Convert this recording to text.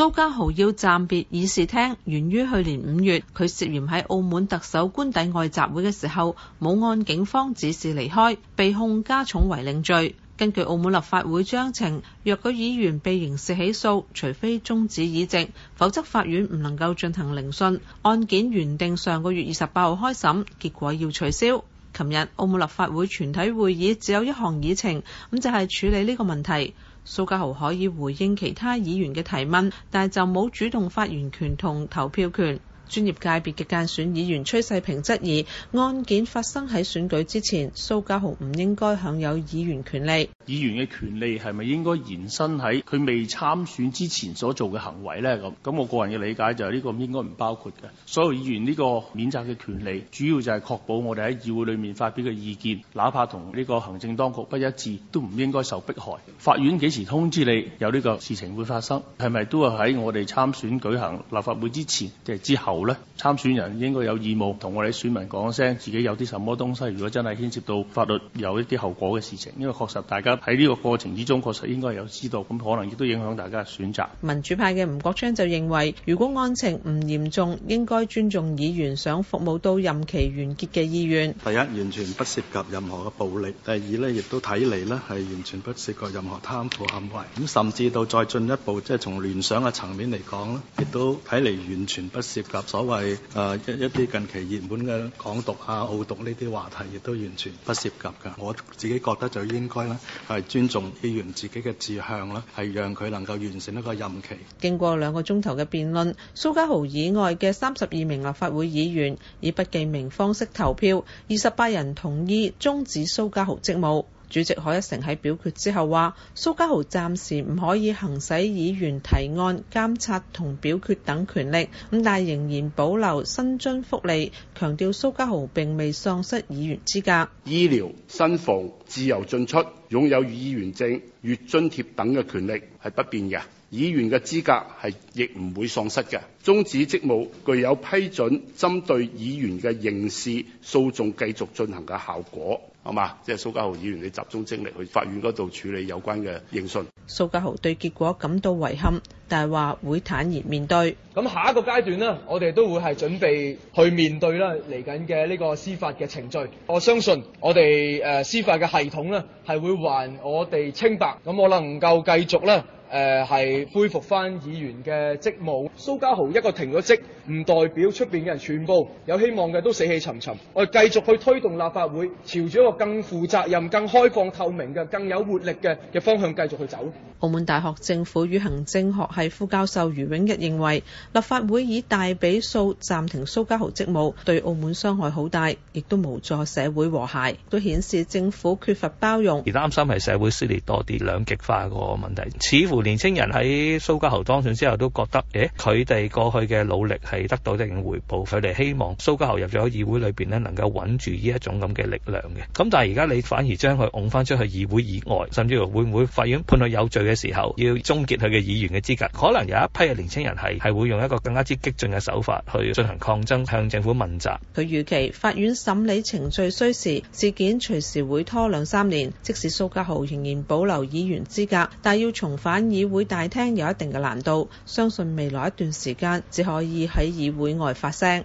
蘇嘉豪要暫別議事廳，源於去年五月，佢涉嫌喺澳門特首官邸外集會嘅時候，冇按警方指示離開，被控加重違令罪。根據澳門立法會章程，若個議員被刑事起訴，除非終止議席，否則法院唔能夠進行聆訊。案件原定上個月二十八號開審，結果要取消。琴日澳門立法會全體會議只有一項議程，咁就係、是、處理呢個問題。蘇嘉豪可以回應其他議員嘅提問，但係就冇主動發言權同投票權。專業界別嘅間選議員崔世平質疑案件發生喺選舉之前，蘇嘉豪唔應該享有議員權利。議員嘅權利係咪應該延伸喺佢未參選之前所做嘅行為呢？咁咁我個人嘅理解就係呢個應該唔包括嘅。所有議員呢個免責嘅權利，主要就係確保我哋喺議會裏面發表嘅意見，哪怕同呢個行政當局不一致，都唔應該受迫害。法院幾時通知你有呢個事情會發生？係咪都係喺我哋參選舉行立法會之前定係之後？咧參選人應該有義務同我哋選民講一聲，自己有啲什麼東西。如果真係牽涉到法律有一啲後果嘅事情，因為確實大家喺呢個過程之中，確實應該有知道，咁可能亦都影響大家嘅選擇。民主派嘅吳國昌就認為，如果案情唔嚴重，應該尊重議員想服務到任期完結嘅意願。第一，完全不涉及任何嘅暴力；第二呢亦都睇嚟呢係完全不涉及任何貪腐行為。咁甚至到再進一步，即係從聯想嘅層面嚟講呢亦都睇嚟完全不涉及。所謂誒一一啲近期熱門嘅港獨啊、澳獨呢啲話題，亦都完全不涉及㗎。我自己覺得就應該呢係尊重議員自己嘅志向啦，係讓佢能夠完成一個任期。經過兩個鐘頭嘅辯論，蘇嘉豪以外嘅三十二名立法會議員以不記名方式投票，二十八人同意終止蘇嘉豪職務。主席賀一誠喺表決之後話：蘇嘉豪暫時唔可以行使議員提案、監察同表決等權力，咁但仍然保留薪津福利，強調蘇嘉豪並未喪失議員資格。醫療、新房、自由進出、擁有議員證、月津貼等嘅權利係不變嘅，議員嘅資格係亦唔會喪失嘅。終止職務具有批准針對議員嘅刑事訴訟繼續進行嘅效果。好嘛，即係蘇嘉豪議員，你集中精力去法院嗰度處理有關嘅應訊。蘇嘉豪對結果感到遺憾，但係話會坦然面對。咁下一個階段，咧，我哋都會係準備去面對咧嚟緊嘅呢個司法嘅程序。我相信我哋誒司法嘅系統咧，係會還我哋清白。咁我能夠繼續咧。誒係恢復翻議員嘅職務。蘇嘉豪一個停咗職，唔代表出面嘅人全部有希望嘅都死氣沉沉。我繼續去推動立法會朝住一個更負責任、更開放透明嘅、更有活力嘅嘅方向繼續去走。澳門大學政府與行政學系副教授余永逸認為，立法會以大比數暫停蘇嘉豪職務，對澳門傷害好大，亦都無助社會和諧，都顯示政府缺乏包容，而擔心係社會撕裂多啲兩極化個問題，似乎。年青人喺蘇嘉豪當選之後都覺得，誒佢哋過去嘅努力係得到一定回報，佢哋希望蘇嘉豪入咗議會裏邊咧，能夠穩住呢一種咁嘅力量嘅。咁但係而家你反而將佢拱翻出去議會以外，甚至乎會唔會法院判佢有罪嘅時候，要終結佢嘅議員嘅資格？可能有一批嘅年青人係係會用一個更加之激進嘅手法去進行抗爭，向政府問責。佢預期法院審理程序需時，事件隨時會拖兩三年。即使蘇嘉豪仍然保留議員資格，但係要重返。議會大廳有一定嘅難度，相信未來一段時間只可以喺議會外發聲。